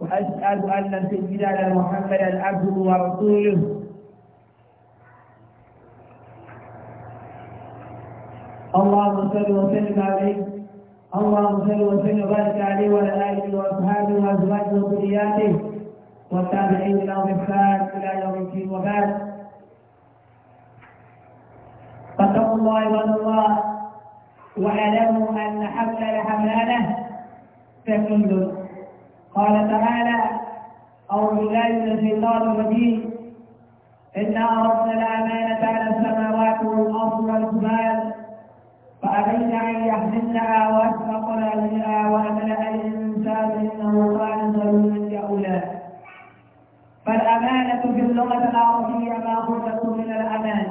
وأشهد أن سيدنا محمدا عبده ورسوله اللهم صل وسلم عليه اللهم صل وسلم وبارك عليه وعلى آله وأصحابه وأزواجه وذرياته والتابعين لهم إحسان إلى يوم الدين وبعد فاتقوا الله عباد الله واعلموا أن حبل حملانه تكمل قال تعالى أعوذ بالله من الشيطان الرجيم إنا أردنا الأمانة على السماوات والأرض والجبال فأبين أن يحملنها وأشفقنا منها وأملأ الإنسان إنه كان ظلوما جهولا فالأمانة في اللغة العربية مأخوذة من الأمان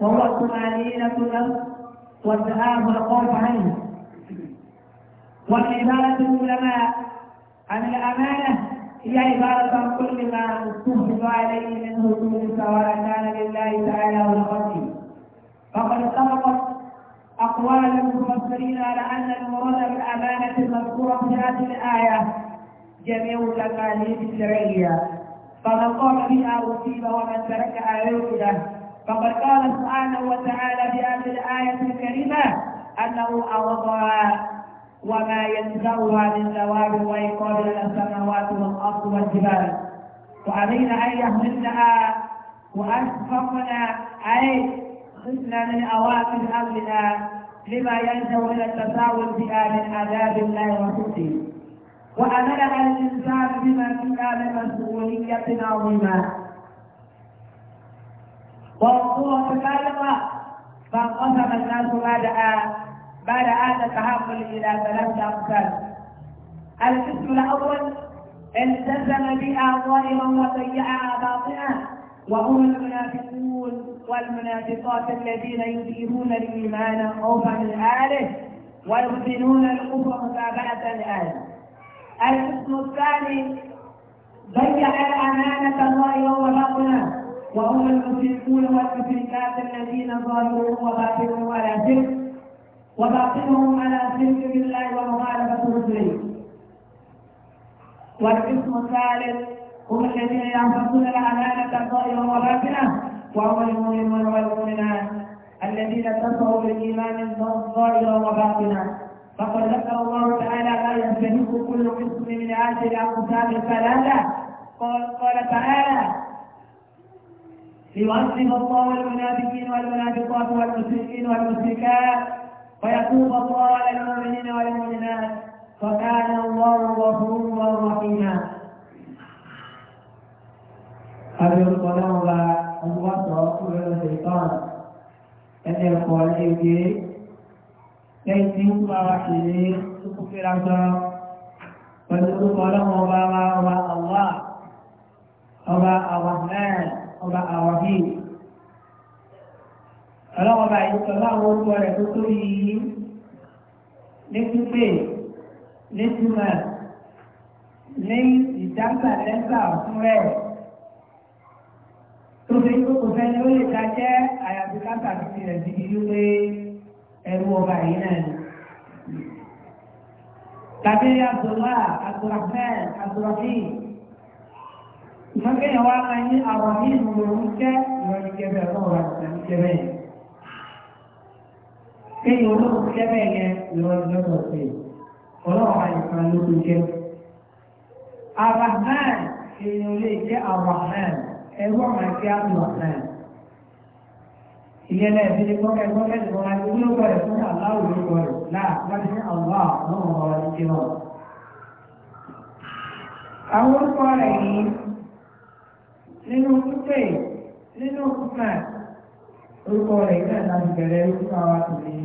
وهو الطمأنينة له والذهاب والخوف عنه والعبادة العلماء أن الأمانة هي عبارة عن كل ما استهدف عليه من هجوم سواء كان لله تعالى أو لغيره فقد اتفقت أقوال المفسرين على أن المراد بالأمانة المذكورة في هذه الآية جميع التقاليد الشرعية فمن قام بها أصيب ومن تركها عوقبة فقد قال سبحانه وتعالى في هذه الآية الكريمة أنه أوضع وما ينزعها من ثواب ويقابل السماوات والأرض والجبال وعلينا أن يهملنها وأشفقنا أي خفنا من أوامر أمرنا لما يلجأ إلى التساؤل بها من عذاب الله وسخطه وأمل الإنسان بما فيها من مسؤولية عظيمة وقوة كلمة فانقسم الناس بعدها بعد هذا التحول إلى ثلاثة أقسام القسم الأول التزم بها ظاهرا وضيعها باطنا وهم المنافقون والمنافقات الذين يثيرون الإيمان خوفا من أهله ويحسنون الكفر متابعة الآية القسم الثاني ضيع الأمانة ظاهرا وباطنا وهم المشركون والمشركات الذين ظاهروا وباطنوا ولا شرك وباطنهم على سلم الله ومخالفة رسله والقسم الثالث هم الذين ينفقون الأمانة الظاهرة والباطنة وهم المؤمنون والمؤمنات الذين اتصفوا بالإيمان الظاهرة والباطنة فقد ذكر الله تعالى ما يستهلك كل قسم من هذه الأقسام الثلاثة قال قال تعالى ليعذب الله المنافقين والمنافقات والمشركين والمشركات ويتوب الله على المؤمنين والمؤمنات فكان الله غفورا رحيما أبي القلم لا أنوات كل الشيطان أن يقول إيدي ليس يوقع وحيدي تكفر عشرة فلتوب له أبا الله أبا الرحمن أبا الرحيم ọlọ́wọ́ bá yìí sọ láwọn orúkọ rẹ̀ tó tó yìí ní pípé ní túmọ̀ ní ìdáǹkà lẹ́sà fún ẹ̀ tó fi ń kókò fẹ́ ni ó lè ta jẹ́ àyàfi káàkà sí rẹ̀ sí ibi pé ẹrú ọba yìí náà ni. Tàbí Abdullah Abdulrahman Abdulrahim ìfọ́nkẹ́yìn wa máa ní àwọn ní ìmọ̀ràn ń jẹ́ ìrọ̀lẹ́gẹ́bẹ̀ẹ́ ọlọ́run àti ìrọ̀lẹ́gẹ́bẹ̀ẹ́ yìí pé irú iṣẹ́ bẹ́ẹ̀ yẹn ìrọ̀lẹ́ lọ́dọ̀ sí ọlọ́run àìsàn ló ti jẹ́. Abraham èèyàn lè jẹ́ Abraham ẹrú ọ̀nà tí a Ìyẹn náà ti di kọ́kẹ́ kọ́kẹ́ tí wọ́n máa ń gbé bọ̀rẹ̀ fún aláwọ̀ ló bọ̀rẹ̀ láà wọ́n ti ní àwọn àwọn ọmọ wa ti jẹ́ wọn. Àwọn orúkọ rẹ̀ yìí nínú pípé nínú pípé orúkọ rẹ̀ náà láti bẹ̀rẹ̀ orúkọ àwa tò lé.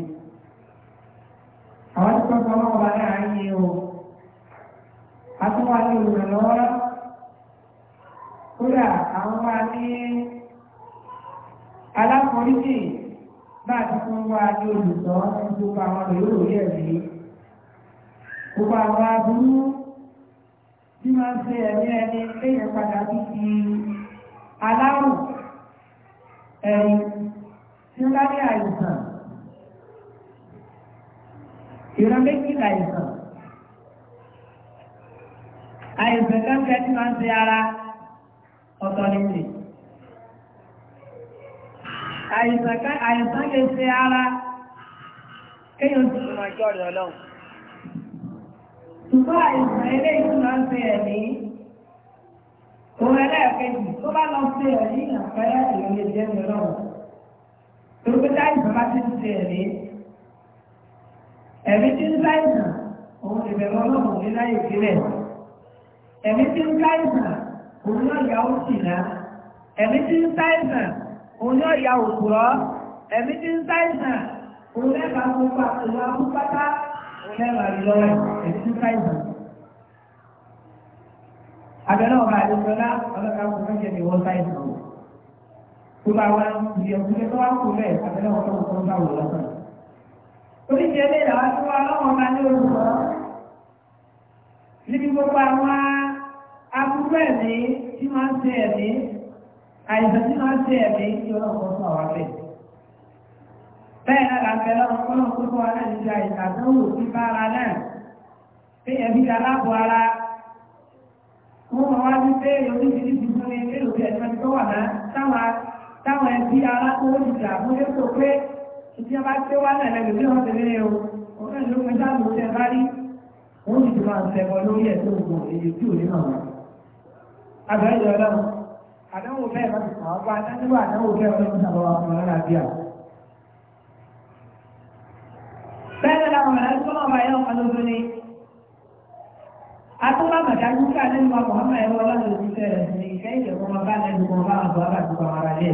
àwọn tí kọ́kọ́ náà wà náà ń yé o a tún wá ní olùrànlọ́wọ́ kódà àwọn wá ní alákọ̀ọ́ríjì bá a ti fún wá ní olùsọ ní gbogbo àwọn rẹ̀ yóò rí gbogbo àwọn aburú tí máa ń ṣe ẹ̀mí ẹni léèyàn padà fi aláwọ̀ ẹ̀yìn tí wọ́n bá ní àìsàn ìran méjì làìsàn àìsàn kẹ́kẹ́ tí wọ́n ń ṣe ara ọ̀tọ̀ nìyí. Àìsàn lè ṣe ara kéyàn sì fún ọjọ́ rẹ̀ ọlọ́run. Ṣùgbọ́n àìsàn ilé ìtura ń ṣe ẹ̀mí. Òun ẹlẹ́ẹ̀kejì tó bá lọ ṣe ẹ̀mí àpẹẹrẹ ìròyìn ìjẹ́ mi ọlọ́run torípé láìsàn bá ti ń ṣe ẹ̀mí ẹ̀mí tí ń láìsàn òun ìbẹ̀rù ọlọ́run ní láyé ìpínlẹ̀ ẹ̀mí tí ń láìsàn òun náà yà ó sì ná ẹ̀mí tí ń láìsàn òun náà yà òkúrọ́ ẹ̀mí tí ń láìsàn òun lẹ́ẹ̀ka gbogbo àtòwò akúpátá òun lẹ́ẹ̀ka lọ́wọ́ ẹ̀mí tí ń láìsàn. abẹ́rẹ́ ọba àdéjọ́lá ọlọ́ka kò fẹ́ tó bá wá di ọ̀gbìn tó wá kú bẹ́ẹ̀ àbẹ́lẹ́ wọn tó kọ́ bá wò lọ́sàn. oríṣi ẹgbẹ́ ìdáwà tó wá lọ́wọ́ máa ní olùkọ́ níbi gbogbo àwọn aburú ẹ̀mí tí máa ń ṣe ẹ̀mí àìsàn tí máa ń ṣe ẹ̀mí tí ọlọ́kọ́ sọ wá bẹ́ẹ̀. bẹ́ẹ̀ náà làbẹ́ lọ́wọ́ kọ́lọ́ tó kọ́ náà ní ìjà ìtàdánwò sí bára náà pé ẹ̀mí táwọn ẹbí ara tó ó dìjà múlé tó pé ìdí ọba tí ó wá náà lẹ́nu ní ọ̀sẹ̀ nílé o ọ̀rẹ́ ló ń dá lò tẹ bá rí wọ́n sì ti máa ń tẹ̀wọ́ lórí ẹ̀ tó gbọ̀ èyí tí ò ní mọ̀ wọn. àbẹ̀rẹ̀ ìjọ ọlọ́run àdánwò bẹ́ẹ̀ bá ti kà ọ́ bá dájúwò àdánwò bẹ́ẹ̀ ọlọ́run ti sàbọ̀ wà fún ọlọ́run àbíà. bẹ́ẹ̀ làwọn ọ̀rẹ́ tó máa wáyé ọ̀kan lójú ni atọ́lá màdájú kí alẹ́ ní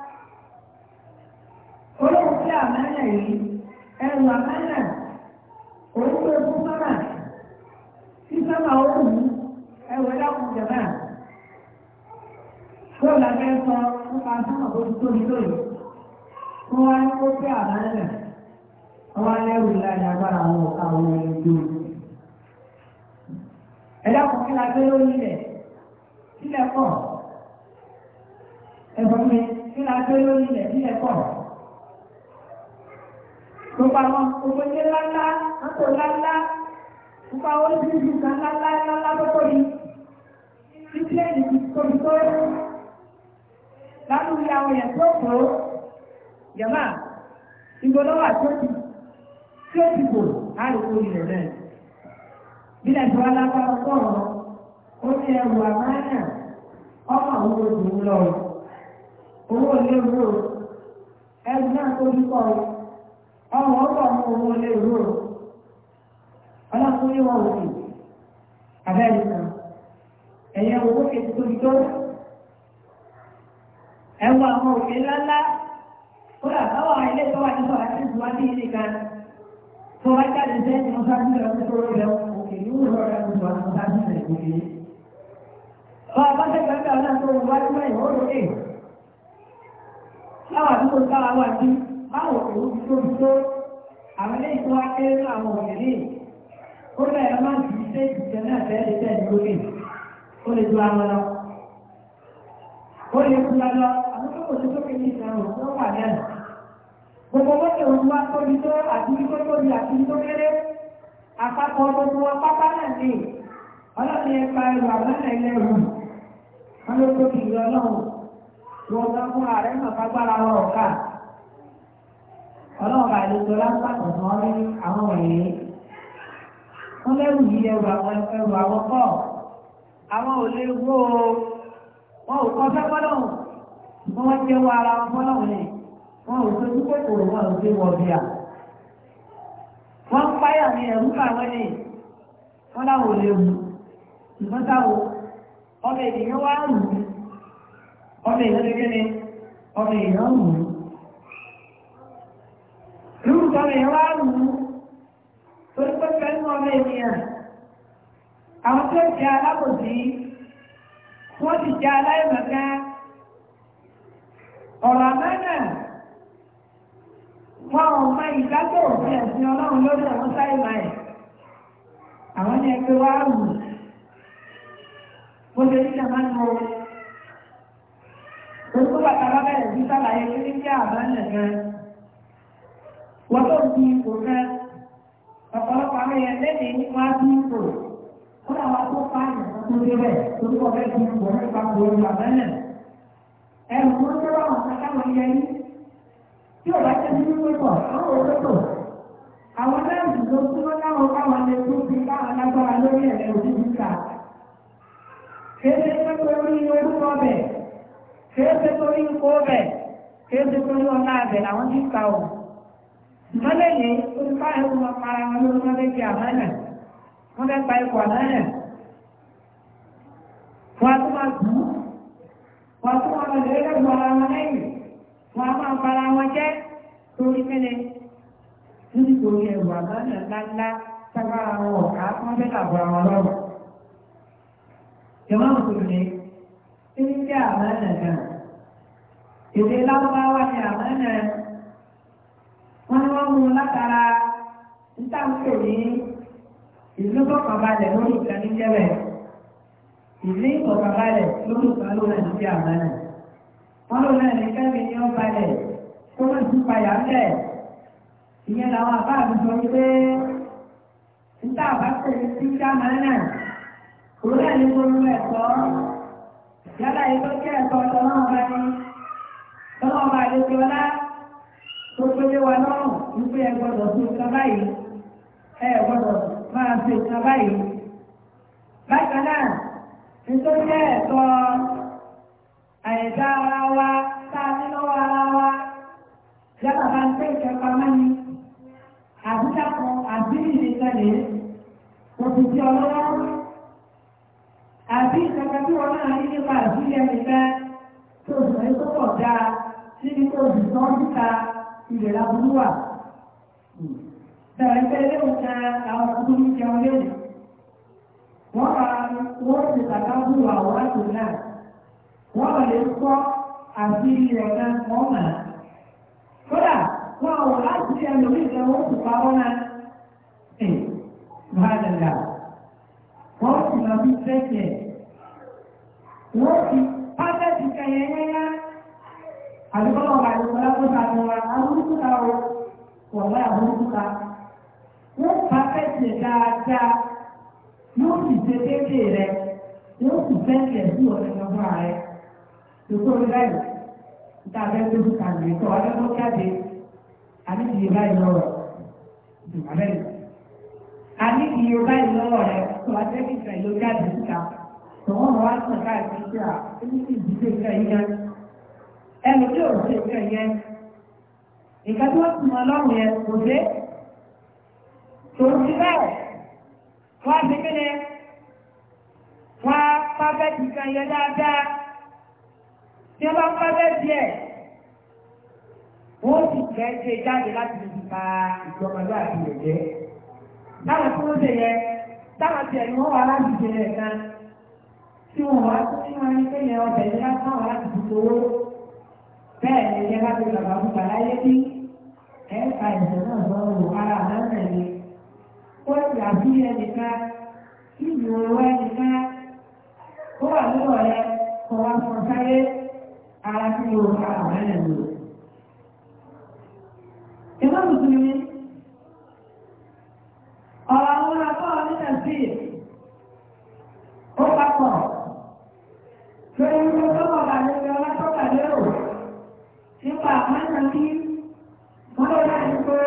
rí ẹrù àmàlà òun tó fún sábà tí sábà ó wù ẹrù ẹ̀dá kù jẹ̀mà. Yóò lábẹ́ sọ nípa sábà tó ti tóbi lóyè. Wọ́n wá ní kó fẹ́ àmàlà. Wọ́n wá lẹ́rù ìlànà agbára àwọn ọ̀ka àwọn ẹni tó. Ẹ̀dá kù kí la gbé lórí ilẹ̀ sílẹ̀ pọ̀. Ẹ̀fọ́ mi kí la gbé lórí ilẹ̀ sílẹ̀ pọ̀. àwọn èèyàn tó kó yàmá ìgbọ́lọ́wà tó ti tí ó ti bò àìkú ilẹ̀ náà bí ẹ̀jọ́ alágbára sọ̀rọ̀ ó ní ẹrù àmáyà ọmọ àwọn oṣù lọ owó léwúrò ẹrù náà tó ń pọ̀ ọmọ ọgbà ọmọ owó ọlọ́kùnrin wọn ò sì abẹ́rẹ́ kan ẹ̀yẹ owó kejì tó ẹwọ àwọn òfin ńláńlá kódà káwọn ilé tó wà ní sọ̀rọ̀ àti ìtura ní ilé kan tó bá jáde sẹ́yìn mọ́tà ní ìrọ̀ tó rọ̀ rẹ̀ òkè ní òwúrọ̀ rẹ̀ tó wà mọ́tà ní ìrẹ̀ òkè. Bá a bá ṣe gbàgbé ọ̀nà tó wà ní wáyé ó lóde. Láwọn àdúgbò táwa wà sí báwo òwú ti tó fi tó àwọn ilé ìtura kéré ní àwọn òkèlè. Ó bẹ̀rẹ̀ máa ń fi ṣe ìṣẹ̀ náà tẹ́lẹ̀ tẹ́lẹ̀ lókè. Ó lè ju àwọn lọ. Ó lè kú lọ tó kò sí sókè ní ìdáhùn tó wà lẹ́nu. Gbogbo mọ́tò ń wá tóbi tó àti tó tóbi àti tó kéré. Àpapọ̀ gbogbo wa pápá náà ní ọlọ́run yẹn pa ẹrù àbáńdà ilé ẹrù. Wọ́n ló tóbi ìlú ọlọ́run. Wọ́n gbá fún ààrẹ náà fagbára wọn ọ̀ka. Ọlọ́run àlejò lápapọ̀ náà rí àwọn èèyàn. wọ́n wá jẹ́ wọ́n ara wọn fọ́nà wọn wọn ò sojú kòkòrò wọn ò gbé wọ́n bí a. wọ́n páyà ní ẹ̀rú káwọn ní wọ́n láwọn lè mú ìbọn táwọn ọmọ ènìyàn wá rù mí ọmọ ènìyàn gẹ́gẹ́ ni ọmọ ènìyàn rù mí. ọmọ ènìyàn àwọn tó alábòsí wọ́n ti aláìmọ̀ká. ọ̀rọ̀ àmẹ́nà wọn ò mọ ìdájọ́ òfin ẹ̀sìn ọlọ́run lórí àwọn sáìmà ẹ̀ àwọn ní ẹgbẹ́ wa wù mo ṣe ní ìjàmbá ní mo orúkọ bàtà bá bẹ̀rẹ̀ sí sàlàyé pé ní kí àbáńdà gan wọ́n tó di ipò kan ọ̀pọ̀lọpọ̀ àwọn èèyàn lẹ́nu wọn á di ipò wọ́n àwọn tó pààyàn tó débẹ̀ orúkọ bẹ́ẹ̀ di ipò nípa gbòòrò àbáńdà ẹ̀rù wọn tó bá wọn kàkà wọn yẹ yín tí ò bá tẹ́lẹ̀ ní pípọ̀ àwọn olóko àwọn nẹ́ẹ̀sì ló súnmọ́ láwọn káwọn lè tó fi káwọn lágbára lórí ẹ̀rẹ̀ òdìdí kà kéde pé torí orúkọ bẹ̀ kéde torí ikú bẹ̀ kéde torí ọlá bẹ̀ làwọn ti kà ó mọ́lẹ̀ yìí ó ti báyìí wọn para wọn lórí wọn fẹ́ fi àmánà wọn fẹ́ pa ikọ̀ àmánà wọn a tún máa dùn wọ́n tún wọn lọ lórí lọ́gbọ̀n ara wọn lẹ́yìn wọ́n á máa para wọn jẹ́ torí kẹ́lẹ́ nítorí ẹ̀wà lọ́nà ńláńlá sábàá wọn ọ̀ká wọn fẹ́ làbọ̀ àwọn lọ́rọ̀. ìwọ́n òkùnrin ní tí ń jẹ́ àmánà náà èdè láwùbáwá ni àmánà wọn ni wọ́n mú látara ń tàǹkò ní ìlú kọ̀ọ̀kan balẹ̀ lórí ìkànnì jẹ́bẹ̀ẹ́ ìdí ìkọ̀kàbalẹ̀ lórí ìpàlọ́ náà ní bí àmà náà. wọ́n lò náà ní kẹ́mi ní ọba lẹ̀ tó wọ́n ti payà ńlẹ̀. ìyẹn làwọn àbá mi sọ pé níta àbá tẹ̀lé sí bí àmà náà. òun náà ní kó lóun ẹ̀tọ́. yálà ètò jẹ́ ẹ̀tọ́ ọ̀tọ̀nà ọba ni. tọ́lá ọba àlejò ọlá tó gbélé wa lọ́rùn wípé ẹ gbọ́dọ̀ sí nǹkan báyìí ẹ gbọ́dọ̀ máa ṣe nǹkan báyìí. bákan náà nítorí ẹ̀tọ́ àìdá ara wa tá lọ́wọ́ ara wa yàtọ̀ bá ń pè ìjọba mọ́ni àbújáko àbí ìrìnlẹ̀ òkú ọlọ́wọ́ àbí ìjọba tí wọn náà ní nípa àbílẹ̀ nìkan tó sì lọ́yìn pọ̀ dáa níbi tó sì tán níta ìrẹ̀lá burú wà. Bẹ̀rẹ̀ pé léwu kan àwọn ọkùnrin jẹun léwu. wọ́n máa wọ́n ti sàkábùrù àwọn àtò náà wọ́n máa lè kọ́ àti rẹ̀ náà wọ́n mà. kódà wọ́n àwọn àṣírí ẹlòmíì kan wọ́n ti pa wọ́n náà. ẹ̀ máa dàgbà wọ́n sì máa wọ́n kẹyẹ yẹ́yá àdúgbò ọ̀gá ta o ta wọ́n dáadáa. yóò sì ṣe kéèké rẹ yóò sì fẹ́ẹ̀kẹ̀ sí ọ̀rẹ́ lọ́gbà rẹ tòkó rí báyìí níta abẹ́ tó dùn kàn lè tọ́ ọdún jáde àní kìí báyìí lọ́wọ́ dùn abẹ́rẹ́ àní kìí báyìí lọ́wọ́ rẹ tó abẹ́ kìí ló jáde síta tòun ọ̀rọ̀ wá sàn káàkiri sí à ẹni tí ìdílé ìfẹ́ yẹn ẹni tí ò ṣe ìfẹ́ yẹn ìka tí wọ́n ọlọ́run yẹn kò dé tòun ti bẹ́ẹ̀ wọ́n á ti kílẹ̀ wọ́n á pábẹ́ẹ̀tì kan yẹ dáadáa tí wọ́n bá pábẹ́ẹ̀tì ẹ̀ wọ́n sì fẹ́ ṣe jáde láti fi pa ìjọmọlú àti ìrẹ̀jẹ́ táwọn tí wọ́n ṣe yẹ táwọn tiẹ̀ ni wọ́n wà láti ṣe rẹ̀ kan tí wọ́n wá tó ní wọn ní kéde ọbẹ̀ ní lásán wà láti fi owó bẹ́ẹ̀ ni ìjẹ́ láti bàbá fún bàbá yé bí ẹ̀ka ìjọ náà lọ́rùn ara náà nìyẹn. kó a bí ìlú owó ẹnìkan ó wà lọ́wọ́ rẹ kó wá fọ sáyé ara tí o ká àwọn ẹlẹ́nu. ìmọ̀ mùsùlùmí ọ̀rọ̀ àwọn akọ́ nígbà sí ó papọ̀ lórí wípé tọ́pọ̀ bàlẹ́ ọlá nípa wọ́n pé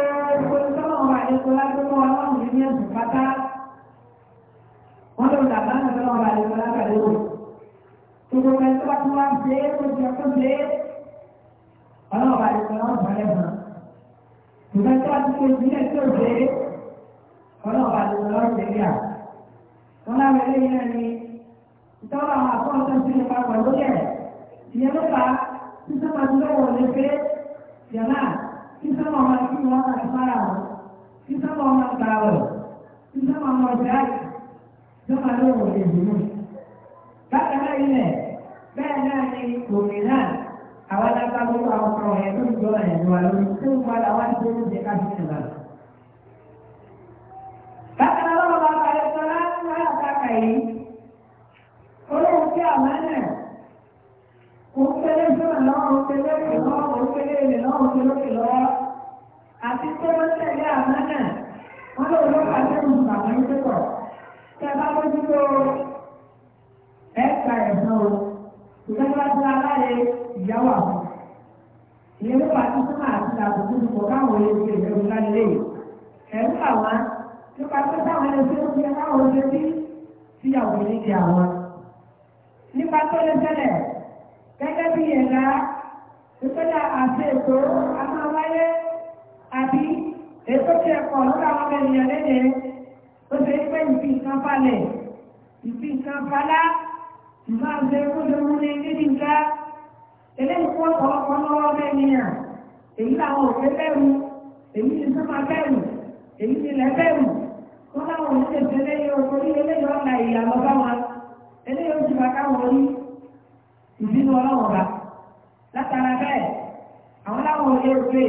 àdékọ́ lágbẹ́kọ́ ọlọ́run ní ẹ̀sùn pátá wọ́n lọ́rùn dàbá náà lọ́wọ́ àdékọ́ lágbàdéwò gbogbo ẹni tó bá tún wá ṣe é kó jẹ kó ṣe é ọlọ́run àdékọ́ náà sọ lẹ́sàn gbogbo ẹni tó bá tún ṣe ìbílẹ̀ tó ṣe é ọlọ́run àdékọ́ náà ṣe é yà wọ́n láwọn eléyìí náà ni ìtọ́wọ́ ọmọ ẹ̀kí àti fara kita mau nggak tahu, kita mau nggak tahu, kita mau nggak tahu. Karena ini, karena ini kuminan, awal apa lu mau kau itu jualan jualan itu melawan dulu dikasih dengan. Karena Allah bapak yang salah, saya pakai. Kalau dia mana? Kau kena sama Allah, kau kena Allah, kau kena Allah, kau kena àti pé wọ́n tẹ̀lé àmọ́ náà wọ́n lò ló bá tẹ̀lé ìgbàgbọ́ yín pọ̀ tẹ́ bá bójú tó ẹ̀ka ẹ̀sán o ìjọba tí aláyé ìyáwó àbọ̀ ìyẹn ló bá tún fún àti àbùkù tó káwọn olè ti ẹ̀rọ lálẹ́ ẹ̀rú àwọn nípa pé táwọn ẹni tó ń fi káwọn olè sí síyàwó ní ti àwọn nípa tó lè tẹ́lẹ̀ gẹ́gẹ́ bí ẹ̀dá ìpínlẹ̀ àti ètò àti tàbí ètò tí ẹ̀kọ́ lọ́dọ̀ àwọn ọmọ ènìyàn léde tó ṣe pé ìfi nǹkan falẹ̀ ìfi nǹkan falá máa ṣe kúndùmú ní níbi nǹkan eléyìí kó ọ̀pọ̀lọpọ̀ lọ́wọ́ ọmọ ènìyàn èyí làwọn òfin bẹ̀rù èyí ni sọ́mà bẹ̀rù èyí ni ilẹ̀ bẹ̀rù tó láwọn òṣìṣẹ́ ṣe léyìn oko ní eléyìí ọ̀la ìyá lọ bá wọn eléyìí oṣù bàtà wọn ní ìbínú ọlọ́wọ́ bá látara bẹ́ẹ̀ àwọn láwọn òṣìṣẹ́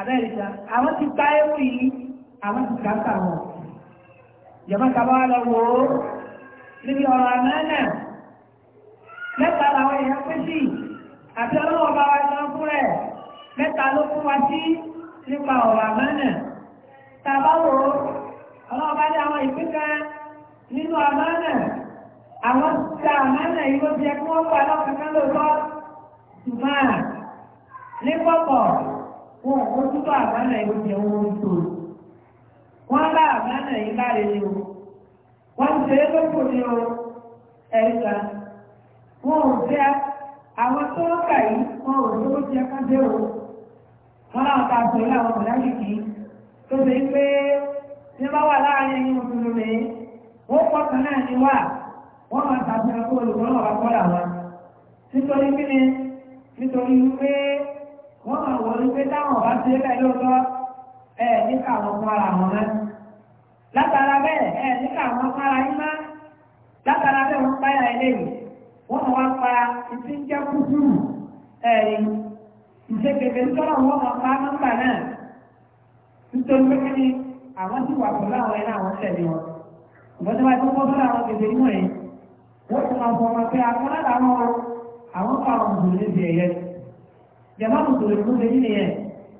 abẹ́rẹ́ta àwọn ti gbá ewu yìí àwọn ti kà kà wọ́n. ìjọba kaba lọ wò ó níbi ọ̀rọ̀ àmàlà mẹ́ta làwọn èèyàn pín sí àti ọlọ́wọ́ bá wa jọ fún rẹ̀ mẹ́ta ló fún wa sí nípa ọ̀rọ̀ àmàlà tàbá wò ó ọlọ́wọ́ bá ní àwọn ìpín kan nínú àmàlà àwọn ti àmàlà yìí ló ti yẹ kí wọ́n pa lọ́kàn kan lóòótọ́ ṣùgbọ́n ní wọn ò mójú tó àbánà yìí ó jẹ wọn ń tò wọn bá àbánà yìí láre ni o wọn ń ṣe é lóko ni o ẹ̀ka wọn ò jẹ àwọn tó ń kà yìí wọn ò tó jẹ kájẹ o wọn láwọn ta àtọ̀ yìí àwọn mọ̀láyì kì í tó ṣe pé ní bá wà láàrin ẹ̀yìn mùsùlùmí wọn pọ̀ náà ni wà wọn máa tàbí ẹ̀kọ́ olùkọ́ náà wà kọ́ làwọn nítorí kí ni nítorí wípé wọ́n máa wọ ní pé táwọn bá ti lẹ́kẹ̀ẹ́ lóòótọ́ ẹ ní káwọn fún wọn mọ́. látara bẹ́ẹ̀ ẹ ní káwọn fún yín mọ́. látara bẹ́ẹ̀ wọ́n pa eléyìí wọ́n máa wá pa ìdí ń jẹ́ kúkúrú ẹ̀ ìṣèkèké sọ́nà wọ́n máa pa nọ́mbà náà nítorí pé kí àwọn ti wà pẹ̀lú àwọn ẹ̀rọ àwọn tẹ̀lé wọn. ìgbọ́n tó bá tó kọ́ sọ́nà àwọn kèké inú ẹ̀ wọ́n ti máa fọ jẹ̀mọ́ mùsùlùmí fún mi nílé yẹn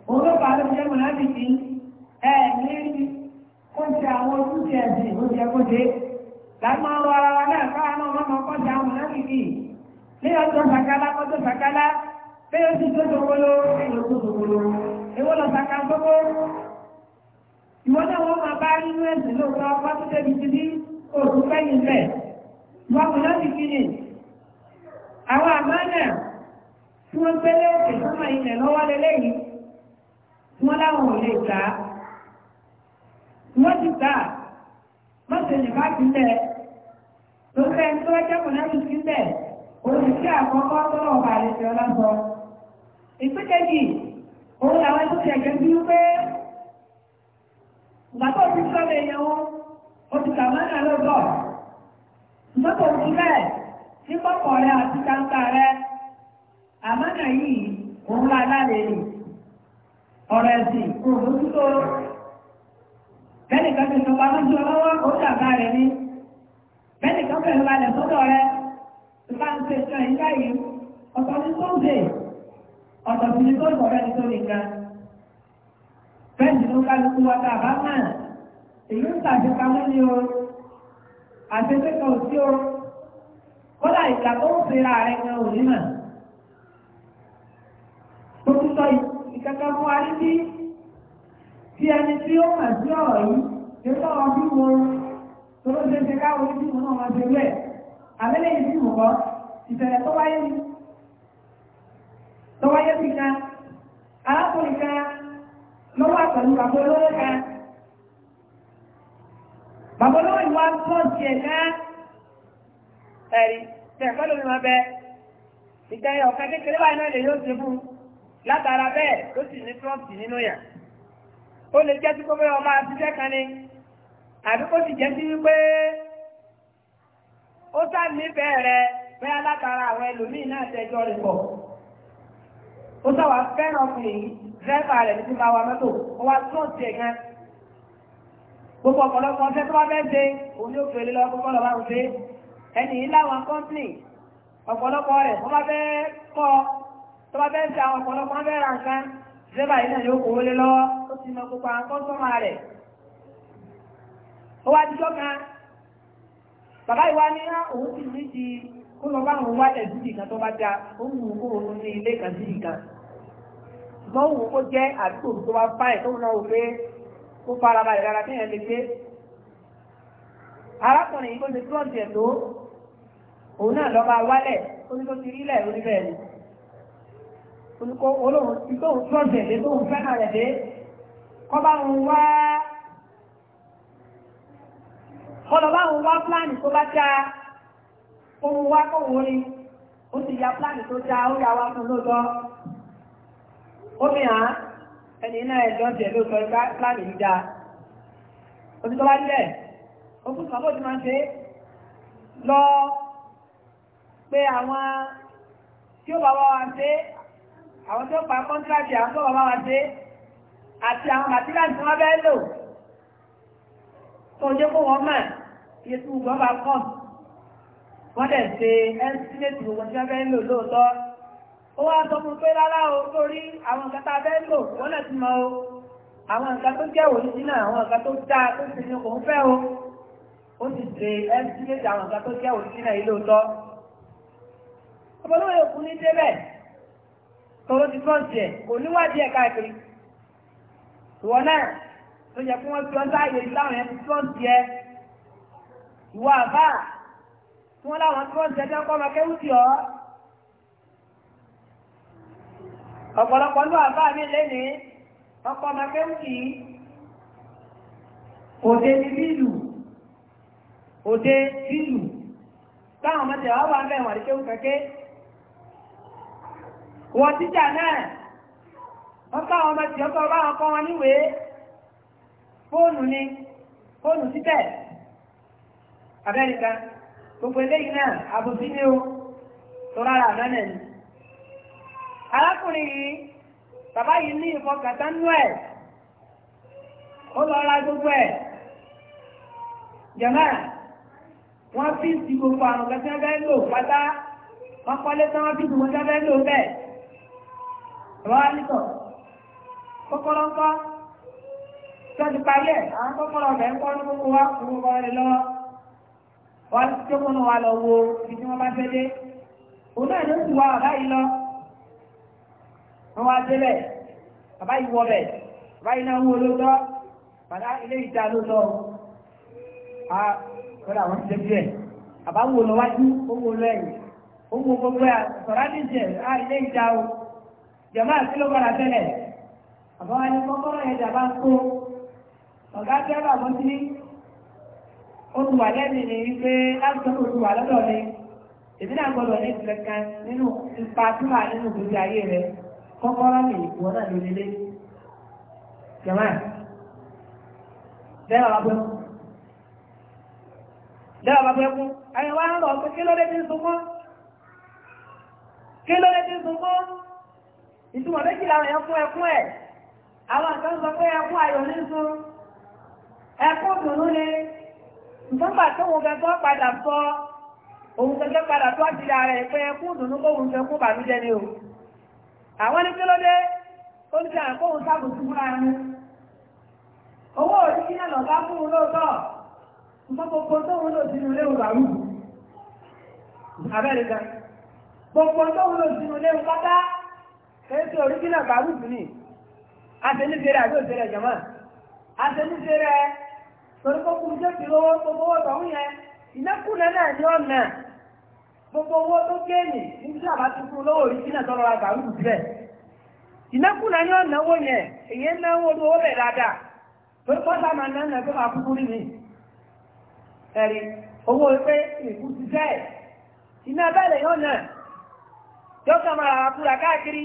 òun ló fà á ló jẹ́ mọ̀lábìkì ẹ̀ lérí kó ṣe àwọn ojúṣe ẹ̀sìn ó jẹ kó ṣe lágbọ́n wa náà káwọn náà wọ́n máa kọ́ ṣe àwọn mọ̀lábìkì ní ọjọ́ sàkálá kọ́tọ́ sàkálá bẹ́ẹ̀ ó ti tó tòkolo ẹ̀yìn tó tòkolo èwo lọ sàkà gbogbo ìwọ náà wọ́n máa bá nínú ẹ̀sìn lóòótọ́ wọ́n tó débi ti ní òòrùn fẹ́yìn bẹ́ẹ̀ wọ́n mọ̀lábìkì ni àwọn àmọ́ náà tí wọ́n gbélé òkè sọ́mọ ilẹ̀ lọ́wọ́ lélẹ́yìn tí wọ́n láwọn ò lè gbà á wọ́n ti gbà á lè bá ti bẹ̀ tó fẹ́ tó ẹjẹ́ kò náà ti bẹ̀ òṣìṣẹ́ àkọ́kọ́ tó lọ́wọ́ bá lè fi ọlá sọ. òun làwọn tó ṣẹ̀jẹ̀ bí wọn àmọ́nà yìí òun la lálẹ́ ọ̀rọ̀ ẹ̀sìn òmójútó bẹ́ẹ̀ni kan ti sọ pamọ́ sí ọlọ́wọ́ ó dàgbà rẹ̀ ní bẹ́ẹ̀ni kan fẹ̀rù balẹ̀ sọ́dọ̀ rẹ tó bá ń ṣe sọ ìgbà yìí ọ̀tọ̀ ní tó ń dè ọ̀tọ̀ sí ní tó ń bọ̀rẹ́ nítorí nǹkan bẹ́ẹ̀ni ló kálukú wa tá a bá mọ̀ èyí ń ṣàṣepamọ́ ní o àṣepẹ́kọ̀ọ́ sí o kódà ìgbà tó ń fira títọ́ ìkẹta fún wa ní tí ẹni tí ó kàn sí ọ̀rọ̀ yìí ṣe tọ́ wọn bí mo tó ló ṣe ṣe káwọn ojú mo náà wọn ṣe rẹ̀ àbẹ́lẹ̀ yìí sì mọ̀ kọ́ ìṣẹ̀lẹ̀ tó wáyé ni tó wáyé sí kan arákùnrin kan lọ́wọ́ àpẹ̀lú bàbá olówó kan bàbá olówó ìwà tó jẹ náà ẹ̀rí tẹ̀kọ́ lómi wọn bẹ ìgbà ọ̀kan kékeré báyìí náà yóò ṣe fún un látara bẹ́ẹ̀ tó sì ní trump nínú yàn ó lè jẹ́ tí kó fẹ́ ọmọ àtijọ́ kan ni àbí kó sì jẹ́ sí wípé ó sáà nífẹ̀ẹ́ rẹ bẹ́ẹ̀ látara àwọn ẹlòmíín náà tẹjọ́ rẹ̀ pọ̀ ó sáwà fẹ́ràn ọkùnrin yìí dẹ́fà rẹ̀ níbi máa wa mọ́tò ó wá trump tiẹ̀ gan gbogbo ọ̀pọ̀lọpọ̀ ọ̀sẹ̀ tó wá fẹ́ ṣe òun ní òfin lọ gbogbo ọ̀lọ́ ń ṣe ẹnì yìí láwọn kọ́ńtìnì ọ̀pọ̀lọpọ̀ rẹ̀ wọ́n bá fẹ́ kọ́ tó bá fẹ́ ṣe àwọn ọ̀pọ̀lọpọ̀ fẹ́ ra nǹkan dírẹ́bà yìí náà yóò kó lé lọ́wọ́ ó ti mọ gbogbo àwọn kọ́sọ́mà rẹ̀ ó wá ti tọ́ka bàbá ìwá ní òun sì ní ti kó lọ bá òun wá ẹ̀dúdì kan tó bá da ó mú un kó òun ní ilé kan sí ìkan ṣùgbọ́n òun kó jẹ́ àdúgbò tó wá báyìí tó náà wọlé kó fara balẹ̀ rárá kéèyàn lè gbé arákùnrin yìí kó ti tó òun olùkọ́ olóhùn ìtòhùn tọ́jẹ̀ lé tóhùn fẹ́ràn rẹ̀ dé kọ́ bá ń wá kọ́lọ̀ bá ń wá pláàni tó bá já ohun wá kó wọ́n rí ó sì ya pláàni tó já ó yà wá fún lóòótọ́ ó fi hàn ẹni náà ẹ̀jọ́ jẹ̀ lóòótọ́ ìgbà pláàni yìí já òbí tó bá dílẹ̀ ó fún sọ́bọ̀ tí máa ń ṣe lọ pé àwọn tí ó bá wá wá ṣe àwọn tó pa kọ́ńtíráàtì àwọn tó wọ́n máa dé àti àwọn màtíláàtì wọ́n bẹ́ẹ̀ lò tó jẹ́ kó wọ́n mọ̀ iye tí gbogbo bá kọ́ wọ́n dẹ̀ ṣe ẹ́sílẹ̀tì gbogbo tí wọ́n bẹ́ẹ̀ lò lóòótọ́ ó wá sọ fún pé rárá o lórí àwọn nǹkan tá a bẹ́ẹ̀ lò wọ́n lẹ̀ ti mọ o àwọn nǹkan tó jẹ́ òní sínú àwọn nǹkan tó dáa tó sì ní òun fẹ́ o ó sì ṣe ẹ́sílẹ̀tì àwọn nǹkan tó jẹ́ òní sínú ìlóòótọ́ ọmọlúwẹ̀ òkú ní débẹ̀ tọrọ ti fọ́ǹsì ẹ̀ kò níwádìí ẹ̀ káàkiri ìwọ náà tó yẹ kí wọ́n fi ọ́n sáàyè láwọn yẹn ti fọ́ǹsì ẹ̀ ìwọ àbá tí wọ́n láwọn fọ́ǹsì ẹ̀ tẹ́kọ́ ọmọ kéwù ọ́ ọ̀pọ̀lọpọ̀ ló àbá mi lẹ́ni ọkọ̀ ọmọ kéwù òde ní bílù òde bílù táwọn ọmọdé wà wà ń bẹ̀rù àdékéwù kẹ́kẹ́ wọ́n tíjà náà wọ́n káwọn ọmọ tí ọkọ̀ bá wọn kọ́ wọn níwèé fóònù ni fóònù títẹ̀ abẹ́ríkà gbogbo eléyìí náà àbòsí ni ó tó rárá àmọ́nà ni arákùnrin yìí bàbá yìí ní ìfọkàntán nú ẹ̀ ó lọ ra gbogbo ẹ̀ jẹ̀mọ́ wọ́n fi ti gbogbo àrùn kẹsàn-án bẹ́ẹ̀ lò pátá wọ́n kọ́lé tán wọ́n fi gbogbo sẹ́fẹ́ lò bẹ́ẹ̀. àwọn alítọ̀ kọ́kọ́rọ́ ńkọ́ tó ti parí ẹ̀ àwọn kọ́kọ́rọ́ ọ̀bẹ̀ ńkọ́ ní gbogbo wa fún gbogbo ọ̀rẹ́ lọ́wọ́ wọ́n ti tó kúnnú wa lọ wo ibi tí wọ́n bá fẹ́ dé òun náà ló ọ̀dá yìí lọ wọ́n wá débẹ̀ bàbá yìí bàbá yìí náà ń wo lóòótọ́ bàbá ilé ìta a ti débi ẹ̀ bàbá wo lọ wájú ó wo lọ ẹ̀yìn ó wo gbogbo ẹ̀ jàmbá àti ló padà tẹ́lẹ̀ àbá wa ní kọ́kọ́rọ́ yẹn jàmbá kó ọ̀gá tí ọba àbọ̀ sí olùwà lẹ́nu ni wípé láti sọ olùwà lọ́dọ̀ ni èmi náà gbọ́dọ̀ ní ìpìlẹ̀ kan nínú ipa tí wà nínú ìgbésí ayé rẹ kọ́kọ́rọ́ mi ìwọ náà ló lélẹ̀ jàmbá bẹ́ẹ̀ wà gbọ́ lẹ́wà bá fẹ́ fún àyẹ̀wò àárọ̀ pé kí ló dé ti sunkún kí ló dé sunkún. ìtumọ̀ méjì làwọn èèyàn fún ẹkún ẹ̀ àwọn nǹkan sọ pé ẹkún ayọ̀ nínú ẹkún dùnú ni nǹkan gbà tó wọn padà sọ òun padà tó rẹ̀ pé ẹkún dùnú kó òun ni o àwọn ní kí ló dé ó ti hàn kó sábò sí fúnra owó òní kí náà gbogbo tó wọn lò kìí oríjìnà kàbùkù ni àtẹnifẹrẹ àti òṣèré jama àtẹnifẹrẹ torí kó gbogbo owó tọ̀hún yẹn náà ní ọ̀nà gbogbo owó tó géèmì nígbà bá ti lówó oríjìnà tọrọ ra kàbùkù sílẹ̀ ìnákùnà ní ọ̀nà owó yẹn èyí ń náwó owó bẹ̀ dáadáa torí kó sáà máa náà tó máa kúkú ẹ̀rí owó pé ìkú ti fẹ́ iná bẹ́ẹ̀ yọ̀nà máa rà kúra káàkiri.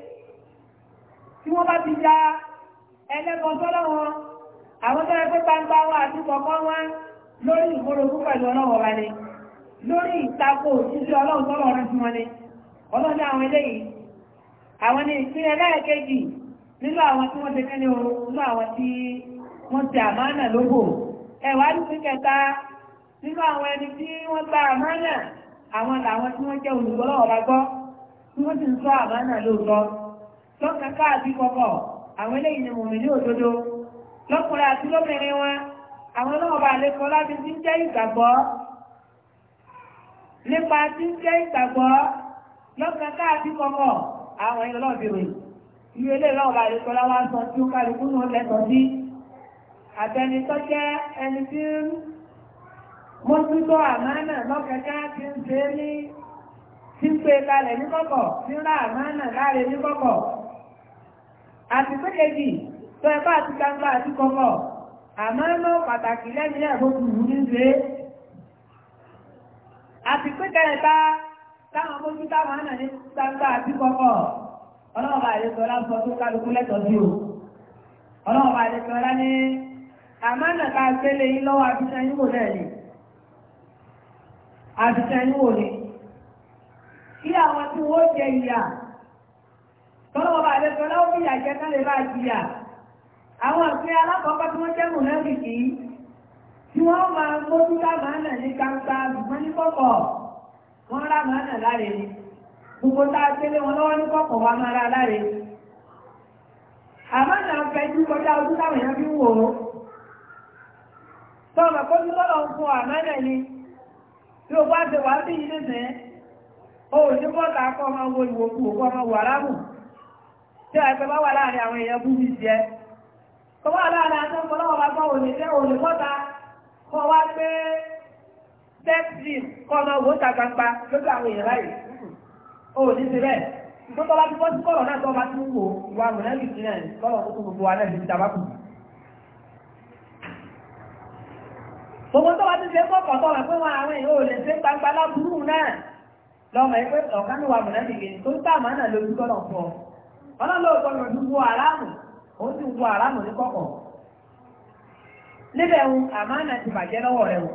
tí wọ́n bá ti ya ẹlẹ́bọn sọ́dọ̀ wọn àwọn tó yẹ pé gbangba wọn àti kọ̀ọ̀kan wọn lórí ìgbórogún pẹ̀lú ọlọ́wọ́ wa ni lórí ìtakò òṣìṣẹ́ ọlọ́run sọ́rọ̀ ọ̀rẹ́ fún wọn ni ọlọ́run ní àwọn eléyìí àwọn ní ìpínlẹ̀ lẹ́ẹ̀kejì nínú àwọn tí wọ́n ti kẹ́lẹ̀ oorun nínú àwọn tí wọ́n ti àmánà lóbò ẹ̀wà dúpín kẹta nínú àwọn ẹni tí wọ́n gba àmánà àwọn làwọn tí wọ́n jẹ́ olùgbọ́lọ́wọ́ lọ́kàn káàbí kọ̀kọ̀ àwọn eléyìí ni mòmìnì òdodo lọ́kùnrin àti lóbìnrin wọn àwọn náà bá lè kọ́ láti ti ń jẹ́ ìgbàgbọ́ nípa ti ń jẹ́ ìgbàgbọ́ lọ́kàn káàbí kọ̀kọ̀ àwọn ẹ̀yìn ọlọ́ọ̀bìnrin ní eléyìí náà bá lè kọ́ láwọn aṣọ tí ó kálukú náà lẹ́tọ̀ sí àtẹnitọ́ jẹ́ ẹni tí ń mójútó àmánà lọ́kẹ̀ká ti ń ṣe ní tí ń pe kalẹ̀ ní kọ̀kọ̀ tí ń ra àmánà láre ní kọ̀kọ̀ àti pékejì tó ẹ bá àti gbangba àti kọ̀kọ̀ àmọ́ ló pàtàkì lẹ́yìn náà tó kù wù nílé àti pékẹ̀ẹ́ta táwọn mójú táwọn ànà ní gbangba àti kọ̀kọ̀ ọlọ́ọ̀bà àlejò ọlá sọ tó kálukú lẹ́tọ̀ọ́ sí o ọlọ́ọ̀bà àlejò ọlá ní àmánà ká gbélé yín lọ́wọ́ àbíṣẹ́ yín wò náà ni àbíṣẹ́ yín wò ni kí àwọn tí wọ́n tọ́lọ́wọ́ bá lẹ́sọ láwọ́ fìyà jẹ́ ká lè bá jìyà àwọn àfihàn alákọ̀ọ́kọ́ tí wọ́n jẹ́ mùnáfìkì tí wọ́n máa ń mójú lámàánà ní gbangba ṣùgbọ́n ní kọ̀kọ̀ wọ́n lámàánà láre ni gbogbo tá a tẹ́lẹ̀ wọn lọ́wọ́ ní kọ̀kọ̀ wa máa ra láre àmàna fẹ́jú kọjá ojú táwọn èèyàn fi ń wò ó tọ́lọ̀ kó tí tọ́lọ̀ ń fún àmàna ni tí o bá ṣe wàá sí yìí nìsín o ò ní bọ́ta kọ́ máa wo ìwòkú ọmọ wàrà mù tí ó ẹgbẹ́ bá wà láàrin àwọn èèyàn bú mi jẹ́ kọ́ wà láàrin àti ọ̀pọ̀lọpọ̀ bá gbọ́ òní jẹ́ òní bọ́ta kọ́ wá pé tẹ́tì kọ́ ọmọ owó ta gbangba lójú àwọn èèyàn láyé òní ti bẹ́ẹ̀ tó tọ́lá ti bọ́ sí kọ́rọ̀ náà tó bá ti ń wò ìwà mọ̀lẹ́bí ti náà kọ́rọ̀ tó tó gbogbo wa náà ti ta bá kù. gbogbo tó bá ti ṣe kọ́kọ́ tó rẹ̀ pé wọn àwọn èèyàn ò lè ṣe gbangba lábúrú náà lọ́mọ ẹgbẹ́ ọ̀kánúwà mọ̀lẹ́bí kejì tó ń tà mọ́ náà lójú kọ́rọ̀ fún ọ ọlọ́lọ́ gbọ́dọ̀ dúgbò aráàmù òun ti gbogbo aráàmù ní kọ̀kọ̀ níbẹ̀ àmánà ti bàjẹ́ lọ́wọ́ rẹ̀ wò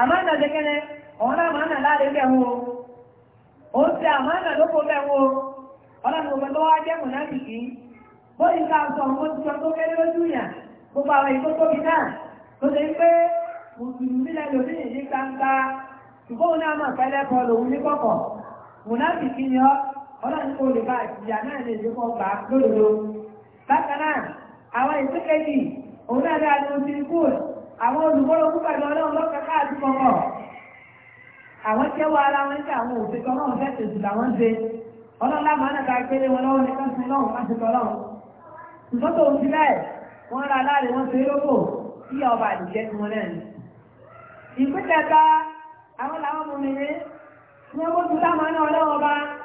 àmánà dẹ́kẹ́lẹ́ ọ̀hún àmánà láàrin bẹ̀ wò ti àmánà lóko bẹ̀ wò tó wá bóyí ká sọ ọmọ tó kéré lójú gbogbo àwọn tóbi náà tó pé ọlọ́run kò lè bá ìyá náà lè lè mọ́ gbà lódodo. bákan náà àwọn ìpínlẹ̀dì òun náà dáa ní oṣù kúl àwọn olùkọ́lọ́ kúkà ní ọlọ́run lọ́kàn káàdì kọ̀kọ̀. àwọn tí wọ́n ara wọn ń ṣe àwọn òṣè kan náà fẹ́ tètè làwọn ń ṣe ọlọ́run láwọn náà ká gbélé wọn lọ́wọ́ nìkan sí lọ́wọ́ má ti tọ́ lọ́wọ́. ṣùgbọ́n tó ń fi bẹ́ẹ̀ wọ́n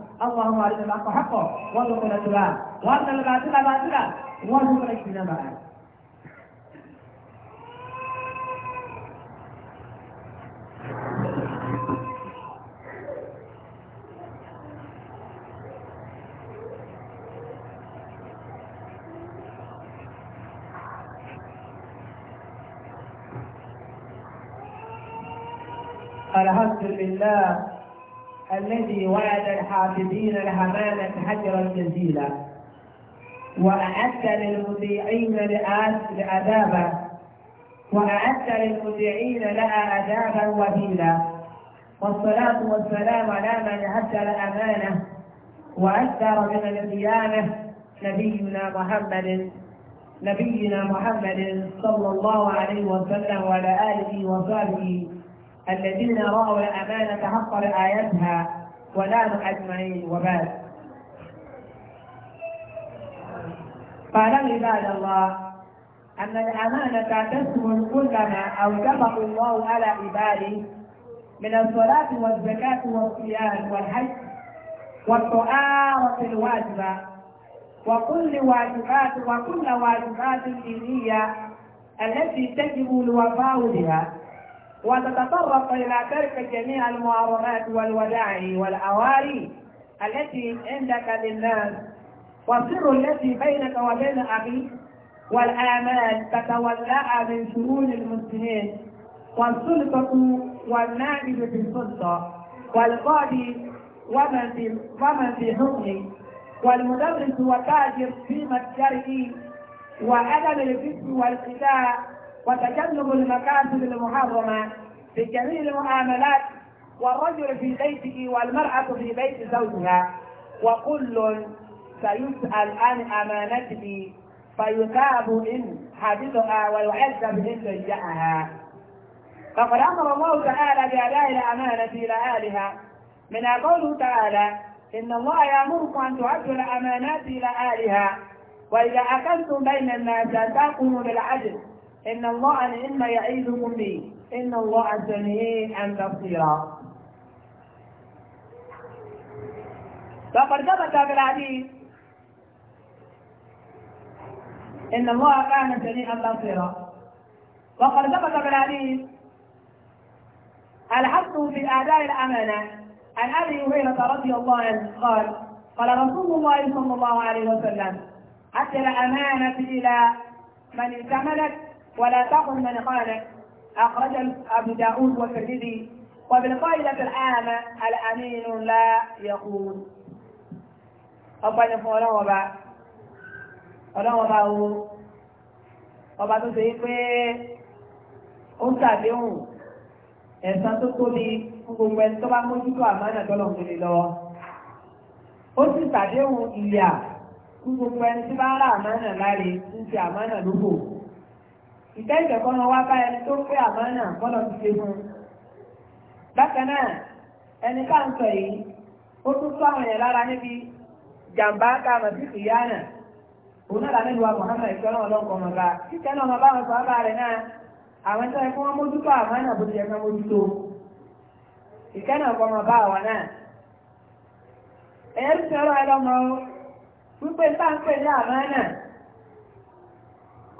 اللهم علينا الحق حقه وارزقنا اتباعه وارزقنا الباطل باطلا وارزقنا اجتنابه الحمد لله الذي وعد الحافظين الهمامة هجرا جزيلا وأعد للمذيعين لعذابا وأعد للمذيعين لها آدابا وبيلا والصلاة والسلام على من أدى الأمانة وأكثر من القيامة نبينا محمد نبينا محمد صلى الله عليه وسلم وعلى آله وصحبه الذين رأوا الأمانة حق رعايتها ولام أجمعين وبال فاعلم عباد الله أن الأمانة تسمن كل ما أوجبه الله على عباده من الصلاة والزكاة والصيام والحج والطهارة الواجبة وكل واجبات وكل واجبات دينية التي تجب الوفاء بها وتتطرق إلى ترك جميع المعارضات والودائع والأواري التي عندك للناس والسر التي بينك وبين أخيك والآمال تتولى من شؤون المسلمين والسلطة والنائب في السلطة والقاضي ومن في ومن في حكمه والمدرس والتاجر في متجره وعدم الفتن والقتال وتجنب المكاسب المحرمة في جميع المعاملات والرجل في بيته والمرأة في بيت زوجها وكل سيسأل عن أمانته فيثاب إن حفظها ويعذب إن لجأها فقد أمر الله تعالى بأداء الأمانة إلى أهلها من قوله تعالى إن الله يأمركم أن تؤدوا الأمانات إلى أهلها وإذا أكلتم بين الناس أن تقوموا بالعدل إن الله إما يعيدكم لي إن الله سميع بصيرا فقد ثبت في الحديث إن الله كان سميعا بصيرا وقد ثبت في الحديث الحق في أداء الأمانة عن أبي هريرة رضي الله عنه قال قال رسول الله صلى الله عليه وسلم اكل الأمانة إلى من اتملت ولا تقل من قال أخرج أبو داود والترمذي وبالقاعدة العامة الأمين لا يقول ọgbọ́n fún ọlọ́wọ́ bá ọlọ́wọ́ bá wo ọba tó ṣe pé ó ń ṣàdéhùn ẹ̀san tó tóbi fún gbogbo ẹni tó bá mójútó àmánà tó lọ́wọ́ lè lọ ó sì ṣàdéhùn ìyà fún gbogbo ẹni tó bá rà àmánà láre ń ṣe àmánà lóko ìkẹ́ ìkẹ́kọ́ wọn wá bá ẹni tó pé àmánà bọ́lọ̀ ti ṣe fún un. bákan náà ẹni ká ń sọ yìí ó tún tó àwọn èèyàn lára níbi jàǹbá ká mọ̀ sí kìyànà òun náà lànà ìlú wa Muhammad ìfẹ́ náà lọ́nkọ̀ ọmọ bá ìfẹ́ náà ọmọ bá wọn sọ bá rẹ̀ náà àwọn tó yẹ kí wọ́n mójútó àmánà bó ti yẹ kí wọ́n mójútó ìfẹ́ náà kọ́ ọmọ bá wọn náà. ẹ̀yẹ́ ti sọ̀rọ̀ ẹ lọ́mọ wípé táǹpẹ̀ ní àmánà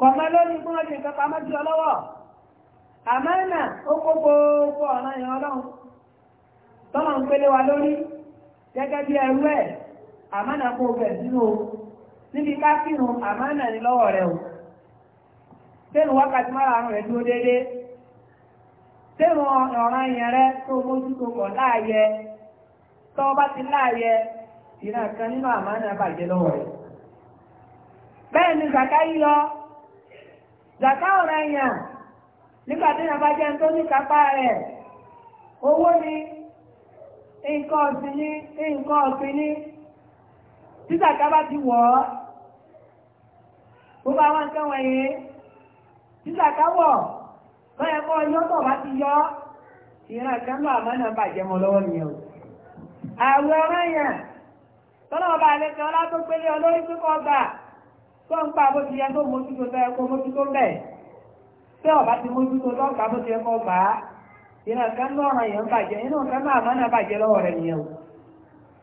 kọ̀mọ́ lórí fún ọdún ìfẹ́ pamọ́ sí ọlọ́wọ́ àmánà ó kó gbogbo ọ̀ràn yẹn ọlọ́run tọ́lọ̀ ń pélé wa lórí gẹ́gẹ́ bí ẹrú ẹ̀ àmánà kó o bẹ̀ sínú o níbi ká kírun àmánà ní lọ́wọ́ rẹ o sẹ́nu wákàtí márùn-ún rẹ̀ dúró déédéé sẹ́nu ọ̀ràn yẹn rẹ tó mójútó kọ̀ láàyè tọ́ bá ti láàyè ìran kan nínú àmánà bàjẹ́ lọ́wọ́ rẹ̀ bẹ́ẹ̀ ni zàkà yíyọ zàká ọ̀rọ̀ èèyàn nígbà tí èèyàn bá jẹ́ ń tó ní kápá rẹ̀ owó ni nǹkan ọ̀sìn ni nǹkan ọ̀sìn ni tí zàká bá ti wọ̀ ọ́ gbogbo àwọn nǹkan wọ̀nyí tí zàká wọ̀ lọ́yẹ̀ kọ́ ọyọ́ tó bá ti yọ ìran kan lọ àmọ́ náà bàjẹ́ mọ́ lọ́wọ́ mi o àwẹ̀ ọ̀rọ̀ èèyàn tọ́lọ́ ọba àlejò ọlá tó pélé olórí pípọ̀ gbà tó ń pa bó ti yẹ tó mójútó tó ẹkọ mójútó bẹ́ẹ̀ tí ọba ti mójútó tó ń pa bó ti yẹ kó gbà á ìrìn àkà ń lọ́ràn èèyàn bàjẹ́ inú ọ̀kẹ́ máa máa náà bàjẹ́ lọ́wọ́ rẹ̀ nìyẹn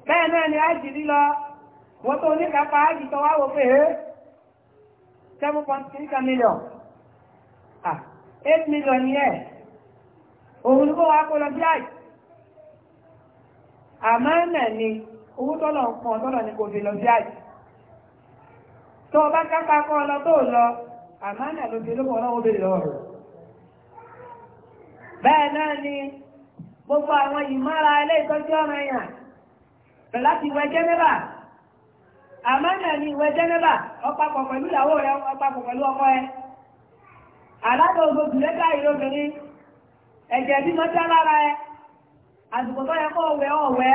bẹ́ẹ̀ náà ni a jì lílọ wọ́n tó oníkàpá á jì tọ́ wá wò pé é seven point three million ah eight million ni ẹ̀ òun ni kó wá kó lọ bí àì àmọ́ náà ni owó tọ́lọ̀ ń pọ̀ tọ́lọ̀ ni kò fi lọ bí àì tó ọba kápá kọ́ ọ lọ tó lọ àmánà ló ti lóko ọlọ́wọ́ ọrụ lọ́wọ́ bẹ́ẹ̀ náà ni gbogbo àwọn ìmọ̀ra ilé ìtọ́jú ọmọ èèyàn pẹ̀lú láti wẹ jẹ́nẹ́bà àmánà ni ìwẹ jẹ́nẹ́bà ọ̀pápọ̀ pẹ̀lú ìyàwó rẹ̀ ọ̀pápọ̀ pẹ̀lú ọkọ ẹ̀jẹ̀ àsìkò tó yẹ kó ọ̀wẹ́ ọ̀wẹ́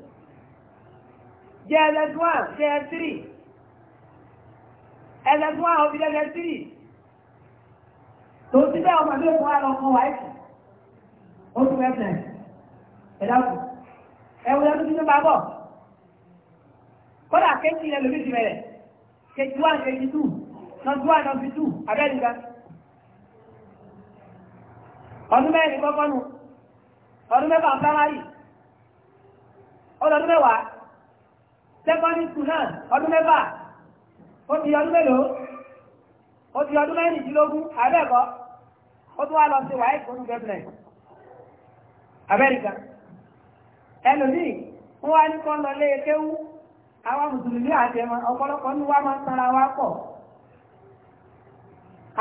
jẹ́ ẹlẹ́dún à jẹ́ ẹtírì ẹlẹ́dún à òbí lẹ́lẹ́ tírì tó ti bẹ́ ọmọ ilé ìfún àlọ́ ọmọ wáyé ó tún mẹ́fẹ̀ ẹ̀dáàbò ẹ̀wọ̀n lẹ́nu tí ó bá bọ̀ kódà kéjì ilẹ̀ lórí ti bẹ̀rẹ̀ kéjì wà kéjì tù nọ́ọ̀tù wà nọ́ọ̀tù tù abẹ́nìkan ọdún mẹ́rin kọ́kọ́ nù ọdún mẹ́fà primary ọdún mẹ́wàá secondary school náà ọdún mẹ́fà ó ti ọdún mélòó ó ti ọdún mẹ́rìndínlógún abẹ́ẹ̀kọ́ ó tún wá lọ sí wáyé kónú gẹ́fìlẹ̀ Amẹ́ríkà ẹlòmíì wọ́n wá ní kọ́ lọ lé kéwú àwọn mùsùlùmí àjẹmọ ọ̀pọ̀lọpọ̀ ní wá máa ń tara wá pọ̀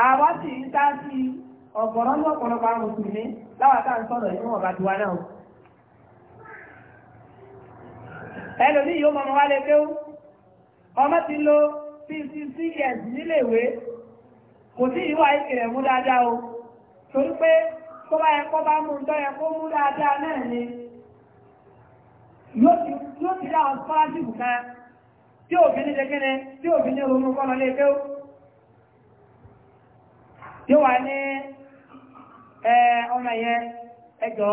àwa sì ń dá sí ọ̀gọ̀rọ̀ ní ọ̀pọ̀lọpọ̀ àwọn mùsùlùmí láwàtà ń sọ̀rọ̀ ìwọ̀n bàtí wa náà ẹlòmí yóò mọ̀ wá lè kéwú ọmọ ti lo cccs níléèwé kò sí ìwà ìkìlẹ̀ mú dáadáa o torí pé tó bá yẹ bá mú tó yẹ kó mú dáadáa náà ni yóò ti dáwọn scholarship kan tí òfin ní jẹ́gẹ́rẹ́ tí òfin ní ronú kọ́ lọ lé kéwú yóò wà ní ọmọ yẹn ẹjọ́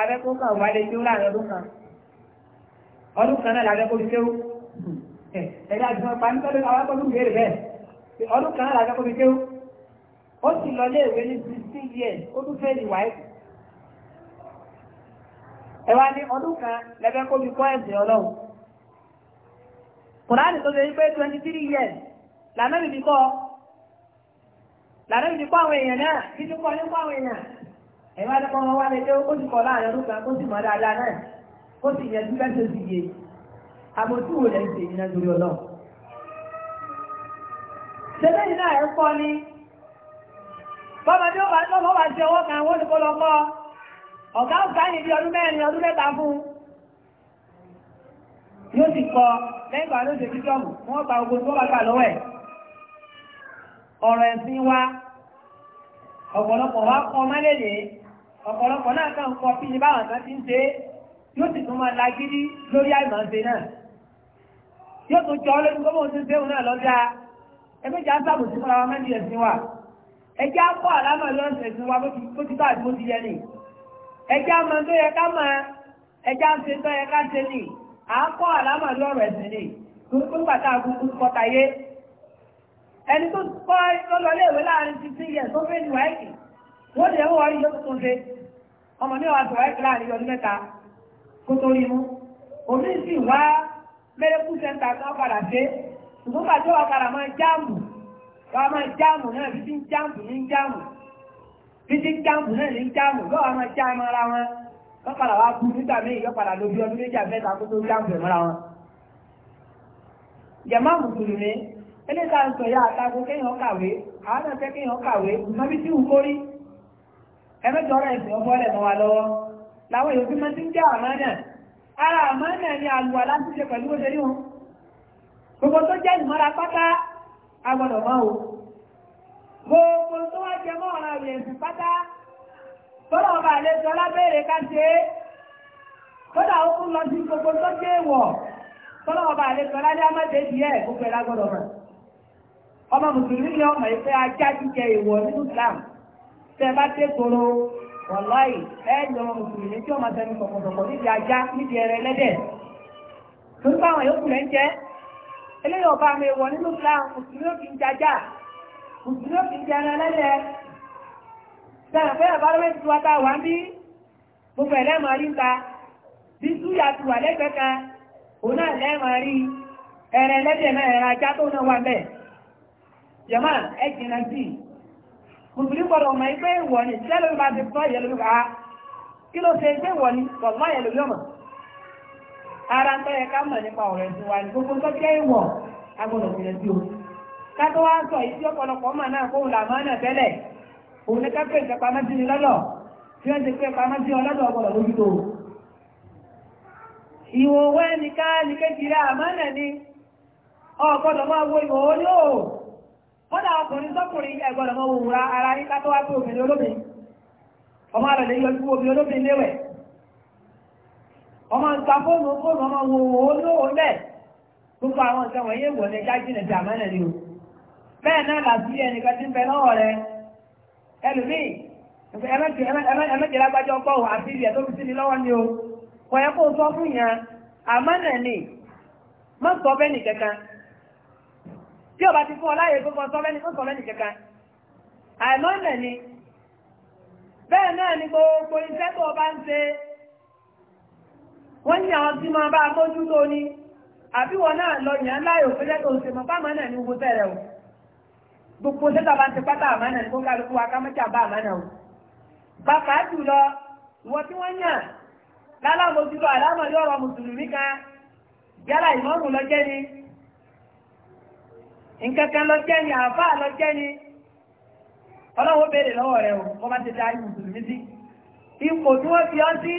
abẹ́kọ̀ọ́kọ̀ wà lè kéwú láàrin ọdún kan ọdún kan náà làgbẹ́ kó fi kéwú ẹ̀dá àjùmọ̀ pàmítọ́lẹ̀ àwọn akọ́lù bèèrè bẹ́ẹ̀ ọdún kan náà làgbẹ́ kó fi kéwú ó sì lọ lé ìwé ní sixteen years ó tún fẹ́ẹ́ ìwà ẹ̀kú ẹ wá ní ọdún kan lẹ́gbẹ́ kó fi kọ́ ẹ̀sìn ọlọ́run kùránì tó ṣe wípé twenty three years lànà ìdí kọ́ lànà ìdí kọ́ àwọn èèyàn náà títí kọ́ ní kọ́ àwọn ó sì yẹ dúpẹ́ tó sì yé àbójú wo lẹ́yìn tèmi náà lórí ọlọ́run. ṣẹlẹ̀ yìí náà ẹ̀ kọ́ ni bọ́mọdé ó bá lọ́wọ́ wá sí ọwọ́ kan wọ́n ti kó lọ kọ́ ọ̀gá ọ̀gá yìí bí ọdún mẹ́rin ọdún mẹ́ta fún un yóò ti kọ lẹ́yìn bá ló ṣe kí jọ́mù wọ́n gba ogun tó bá gbà lọ́wọ́ ẹ̀ ọ̀rọ̀ ẹ̀sìn wa ọ̀pọ̀lọpọ̀ wa kọ́ mọ́lẹ́lẹ́ ọ̀pọ̀lọpọ̀ náà kàn kọ́ bí ní báwọn kan ti ń ṣe é yóò sì tún máa lagídí lórí àìmọ̀ọ́sẹ̀ náà yóò tún jọ lórí gbọ́mọ̀ oṣù sẹ́wọ̀n náà lọ́jà ẹgbẹ́jà sábò sí fúnra wa mẹ́rin ẹ̀sìn wa ẹjẹ́ á kọ́ àlámà lọ́sẹ̀ ẹ̀sìn wa bó ti bá àti bó ti yẹ ni ẹjẹ́ á máa tó yẹ ká máa ẹjẹ́ á ṣe tó yẹ ká ṣe ni à á kọ́ àlámà lọ́rọ̀ ẹ̀sìn ni gbogbo pàtà gbogbo kọtayé ẹni tó kọ́ lọ́lọ́lé ìwé láàrin fifteen years tó fẹ́ ni wáìkì wọ́n lè wọ́n rí lókùtún ṣe ọmọ mi wà kó tó rí mú omi sì wá mẹ́rẹ́kù sẹ́ńtà kan padà dé ṣùgbọ́n pàtó wa padà máa jáàmù wa máa jáàmù náà títí ń jáàmù ní ń jáàmù títí ń jáàmù náà ní ń jáàmù lọ́wọ́ máa jáàmù ara wọn wọ́n padà wá bú nígbà míì yọ padà lóbi ọdún méjì àfẹ́ta kó tó jáàmù ẹ̀ mọ́ra wọn. jẹ̀má mùsùlùmí eléta ń sọ ya àtago kéèyàn kàwé àwọn náà fẹ́ kéèyàn kàwé ìmọ̀bí tí ń kórí ẹ̀mẹ́jọ́ rẹ̀ sì ọgbọ́n rẹ̀ mọ́ wa láwọn èyí máa ti ń jẹ́ àmánà ara àmánà ni àlùwà láti ṣe pẹ̀lú oṣe ríhun gbogbo tó jẹ́ ìmọ́ra pátá agbọ́dọ̀ mọ́ o gbogbo tó wá jẹ mọ́ ọ̀rọ̀ rẹ̀ ẹ̀sùn pátá tọ́lọ̀ ọba àlejò lábẹ́rẹ̀ ká ṣe é kódà ó kún lọ sí gbogbo tó jẹ́ ìwọ̀ tọ́lọ̀ ọba àlejò lálẹ́ amáde díẹ̀ gbogbo ẹ̀ lágbọ́dọ̀ mọ̀ ọmọ mùsùlùmí ni ọmọ ìfẹ́ ajá jíjẹ ìwọ̀ nínú Islam tẹ́ bá dé koro wàláì ẹ̀ẹ́dì ọmọ mùsùlùmí tí ọmọ tẹnu sọ̀kọ̀sọ̀kọ̀ níbi ajá níbi ẹrẹ ẹlẹ́dẹ̀ tó ń bá àwọn yòókù rẹ̀ ń jẹ́ eléyìí ọba mi wọ̀ nínú Islam mùsùlùmí ò fi ń jajá mùsùlùmí ò fi ń jẹrẹ ẹlẹ́dẹ̀ sẹ́yìn fẹ́ àbálọ́wé ti wáta wà ń bí gbogbo ẹ̀ rí ta bí súyà ti wà lẹ́gbẹ̀ẹ́ kan òun náà rí ẹrẹ ẹlẹ́dẹ̀ mùsùlùmí gbọ́dọ̀ mọ̀ pé ìwọ̀ ni tí ẹlòmí máa ti sọ ìyẹn lórí wa kí ló ṣe pé ìwọ̀ ni pọ̀lọ́ ìyẹn lórí ọmọ ara ń tọ́yẹ ká mọ̀ nípa ọ̀rọ̀ ẹ̀sìn wa ni gbogbo tó jẹ́ ìwọ̀ agbọ́dọ̀ kò yẹ sí o ká tó wá sọ ìdí ọ̀pọ̀lọpọ̀ mọ̀ náà kóhùn làmọ́ náà tẹ́lẹ̀ òun ní ká pè ìjọba mẹ́tì ní lọ́lọ́ tí wọ́n ti pè ìjọba mẹ́tì ọlọ́dọ̀ ọgbọ̀dọ̀ lójú tó ìwòwẹ́ nìkan ni ọ̀gbọ́dọ̀ máa wo ìwòwó yóò na ọkùnrin sọ́kùnrin ẹ̀gbọ́dọ̀ mọ́ wùwúra ara yín kátó wá pé obìnrin olóbìnrin ọmọ àlọ́ lè obìnrin léwẹ̀ ọmọ nǹka fóònù fóònù ọmọ wo wo lẹ̀ gbogbo àwọn nǹkan wọ̀nyí èèwọ̀ ní ẹja o bẹ́ẹ̀ náà ń bẹ lọ́wọ́ pọ̀ sí ni lọ́wọ́ ni o kọ̀yẹ́ kó sọ fún yẹn sọ bẹ́ẹ̀ tí ọba ti fún ọ láyé gbogbo sọlẹ́ni tó sọlẹ́ni kankan àìmọ́ ìmẹ̀ ni bẹ́ẹ̀ náà ni gbogbo iṣẹ́ tó ọba ń ṣe wọ́n ní àwọn tí máa bá mójú tó ní àbí wọn náà lọ yàn láyò pé jẹ́ tó ṣe mọ́ fáwọn náà ní gbogbo tẹ̀rẹ̀ o gbogbo tẹ́tà bá ti pátá àmánà ní kókàlù fún akámẹ́tì àbá àmánà o bàbá jùlọ ìwọ tí wọ́n yàn lálàmójútó àlámọ̀ yọ̀rọ̀ mùsùlùmí kan yálà ìmọ̀rùn lọ́jẹ́ ni nkankan lọ jẹ́ ni àbá lọ jẹ́ ni ọlọ́wọ́ béèrè lọ́wọ́ rẹ̀ o kọ́ ti sí ipò tí wọ́n fi ọ́ sí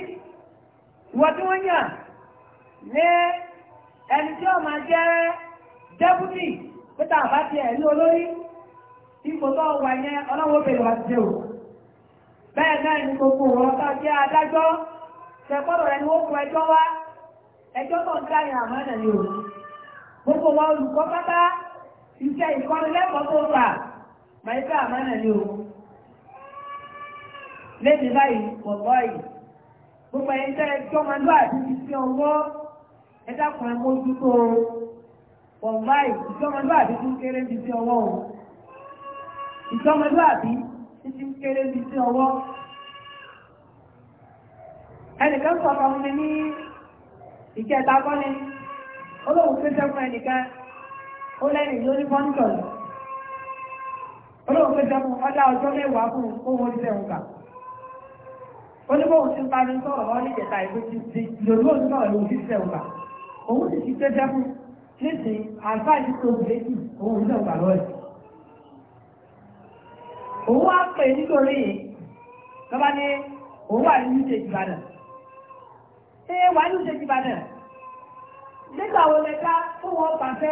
ìwọ tí wọ́n yàn ní ẹni tí wọ́n máa jẹ́ dẹ́bùtì pété àbá ti ipò tó wà yẹn ọlọ́wọ́ o bẹ́ẹ̀ náà ni gbogbo jẹ́ adájọ́ wọ́n kọ ẹjọ́ wá ẹjọ́ dá iṣẹ́ ìkọ́nilẹ́kọ̀ọ́ tó gbà màíkà àmánà ni o léde báyìí pọ̀pọ̀ yìí gbogbo ẹ̀yin tẹ́ tọ́mọdún àti títí ọwọ́ ẹ dákun ẹ mójú tó o pọ̀pọ̀ yìí tọ́mọdún àti tún kéré títí ọwọ́ ọmọ mi ní ìjẹta kọ́ni olóhùn pé sẹ́kùn ẹnìkan ó lẹ́yìn ló ní pọ́ńtọ̀lù olóògbé jẹun ọjà ọjọ́ mẹ́wàá fún owó ìṣẹ̀wọ̀n gbà ó ní bóun ti ń bá ní sọ̀rọ̀ ọ́ ní ìjẹta ìlú ti di lòlú òun náà lòun ti ṣẹ̀wọ̀n gbà òun sì ti gbẹ́jẹ́ fún nísìnyí àǹfààní tó gbé jù òun ìṣẹ̀wọ̀n gbà lọ́ọ̀dì òun wá pè nítorí yìí lọ́ba ní òun wà ní ìṣèjì Ìbàdàn ṣé wà ní ìṣèjì Ìbàdàn nígbà wo lẹ́ka fún wọn pàṣẹ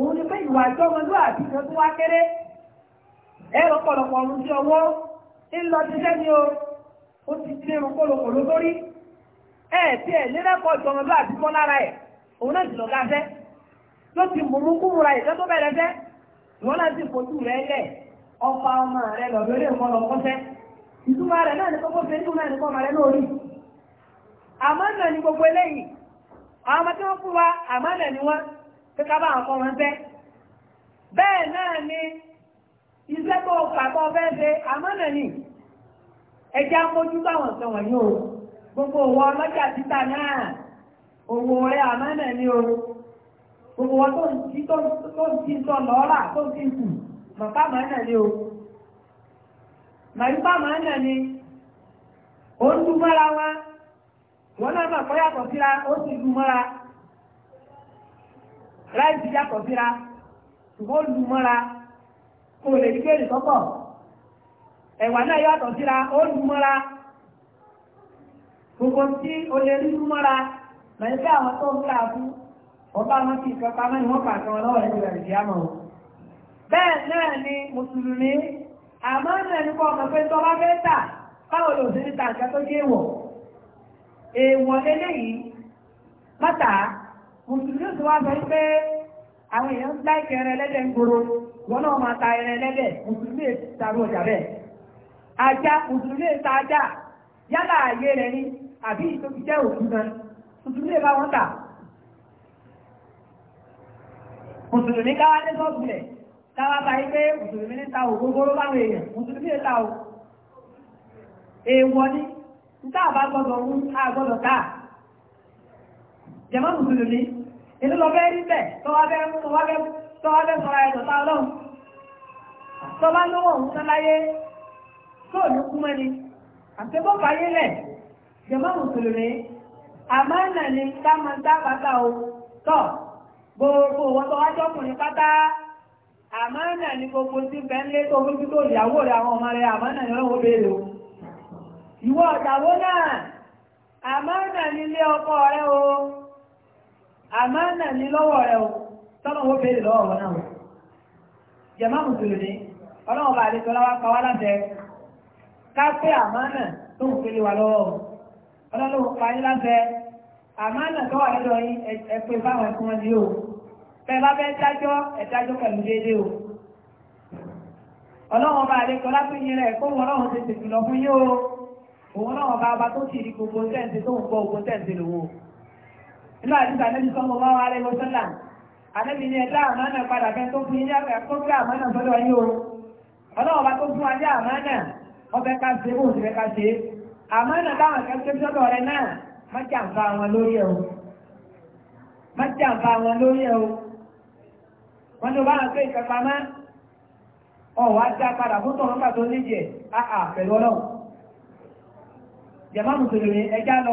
òun ni pé ìwà ìjọmọlúwàbí kan tó wá kéré ẹ̀rọ pọ̀lọpọ̀ ọ̀run sí ọwọ́ ń lọ ṣiṣẹ́ ni o ó ti ti irun kólokòló lórí ẹ̀ tí ẹ̀ lérẹ́pọ̀ ìjọmọlúwàbí kọ́ lára ẹ̀ òun náà sì lọ gáfẹ́ ló ti mùmú kúmùra ìjọ tó bẹ̀rẹ̀ fẹ́ ìwọ́n náà sì fojú rẹ̀ lẹ̀ ọ̀pá ọmọ rẹ̀ lọ lórí ìmọ̀lọ́kọ́fẹ́ ìtumọ̀ rẹ̀ náà ní kókó fẹ́ pé ká bá àwọn ọmọ bẹ́ bẹ́ẹ̀ náà ni iṣẹ́ tó pàtó fẹ́ ṣe àmọ́nà ni ẹja mójú báwọn sọ wọ̀nyí o gbogbo owó ọlọ́jà títà náà owó rẹ̀ àmọ́nà ni o gbogbo wọn tó ń tí tó ń tí sọ lọ́ọ́rà tó ń tí kù màpá màánà ni o màrípá màánà ni ó ń dúmọ́ra wa wọn náà mà kọ́ yàtọ̀ síra ó sì dúmọ́ra ráìsì yàtọ̀ síra ṣùgbọ́n lù mọ́ra kò lè ní kéèrè sọ́pọ̀ ẹ̀wà náà yàtọ̀ síra ó lù mọ́ra gbogbo tí o lè rí lù mọ́ra lẹ́yìn tí àwọn tó ń gbà fún ọba wọn ti ìkẹta náà ni wọ́n pa àtàwọn lọ́wọ́ rẹ̀ ìrẹ̀lẹ̀ ìyá mọ̀ bẹ́ẹ̀ náà ni mùsùlùmí àmọ́ náà ní kọ́ ọmọ pé tọ́lá fẹ́ tà báwo lò sí níta nǹkan tó jẹ́ èèwọ̀ èèwọ̀ eléyìí mọ́tàá mùsùlùmí tó wá sọ pé àwọn èèyàn ń gbá ìkẹrẹ ẹlẹ́dẹ̀ ń gbòòrò wọn náà máa ta ẹrẹ ẹlẹ́dẹ̀ mùsùlùmí tàbí ọjà bẹ́ẹ̀ ajá mùsùlùmí ta ajá yálà ayé rẹ ni àbí ìtòkì jẹ́ òkú gan mùsùlùmí bá wọn tà mùsùlùmí káwá dé sọ́ọ̀bù rẹ̀ káwá bá yí pé mùsùlùmí ní ta ògógóró báwọn èèyàn mùsùlùmí ta ò èèwọ̀ ni níta àbá gbọ́dọ̀ wú àgbọ́dọ̀ ká jẹ̀mọ́ mùsùlùmí ìlú lọ fẹ́ rí bẹ̀ tọ́wábẹ́ tọ́wábẹ́ sọ́ra ẹ̀ lọ́ta ọlọ́run tọ́bá lọ́wọ́ òun sáláyé tó ní kú mẹ́ni àtẹ́bọ́ fàyé lẹ̀ jẹ̀mọ́ mùsùlùmí àmánà ni táwọn dábàtà o tọ̀ gbogbo wọn tó wájọ́ ọkùnrin pátá àmánà ni gbogbo tí bẹ́ẹ̀ ń lé tó fojú tó ìyàwó rẹ̀ àwọn ọmọ rẹ̀ àmánà ni ọlọ́wọ́ béèrè o ìwọ ọ̀dàwó náà àmánà ni ilé ọkọ rẹ̀ o àmánà ní lọ́wọ́ rẹ̀ o tọ́nà ó bèèrè lọ́wọ́ wọn náà jẹ̀má mùsùlùmí ọlọ́run bá àdéjọ láwá pa wá lábẹ́ ká pé àmánà tó ń pèlè wà lọ́wọ́ ọlọ́run pa yín lábẹ́ àmánà tó wà lọ́dọ̀ yín ẹ̀pẹ́ báwọn ẹ̀kún wọn o bẹ́ẹ̀ bá bẹ́ẹ̀ dájọ́ ẹ̀dájọ́ pẹ̀lú déédéé o ọlọ́run bá àdéjọ lápẹ́yìn rẹ̀ kó wọn ọlọ́run ti tètè lọ fún yín o òun náà bá bá tó ti rí gbogbo tẹ́ǹtì tó o inú àdìsá nẹ́bí sọ́mọ́ wá wá lẹ́gbọ́ sọ́là àdẹ́bí ni ẹ̀dá àmánà padà fẹ́ tó fún ilé ẹ̀kọ́ àmánà sọ́dọ̀ o ọlọ́wọ́ bá tó fún ajé àmánà ọbẹ̀ ká ṣe bó ṣe ká ṣe àmánà sọ́dọ̀ rẹ náà má jà ń fa wọn lórí ẹ̀ o má jà fa wọn lórí ẹ̀ o bá padà fún pẹ̀lú jẹ̀má mùsùlùmí ẹjá lọ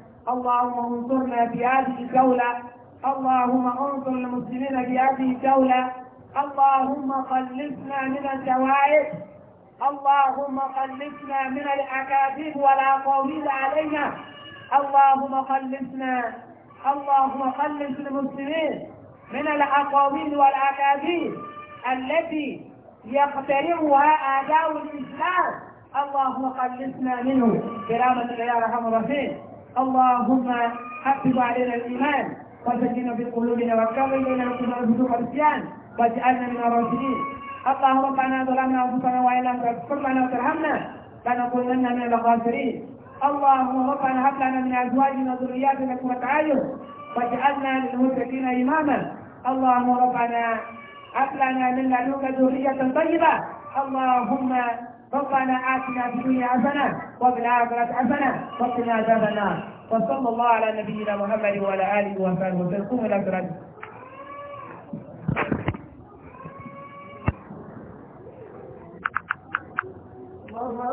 اللهم انصرنا في هذه الدولة اللهم انصر المسلمين في هذه الدولة اللهم خلصنا من الشوائب اللهم خلصنا من الأكاذيب والأقاويل علينا اللهم خلصنا اللهم خلص المسلمين من الأقاويل والأكاذيب التي يخترعها أعداء الإسلام اللهم خلصنا منه الله يا رحمة الرحيم اللهم حبب علينا الايمان وسكن في قلوبنا وكرر الينا الكفر والفسوق والعصيان واجعلنا من الراشدين اللهم ربنا ظلمنا انفسنا وان لم تغفر لنا وترحمنا لنكونن من الخاسرين اللهم ربنا هب لنا من ازواجنا وذرياتنا قرة اعين واجعلنا للمتقين اماما اللهم ربنا هب لنا من لدنك ذرية طيبة اللهم ربنا آتنا في الدنيا حسنة وفي الآخرة حسنة وقنا عذاب النار وصلى الله على نبينا محمد وعلى آله وصحبه وسلم قوموا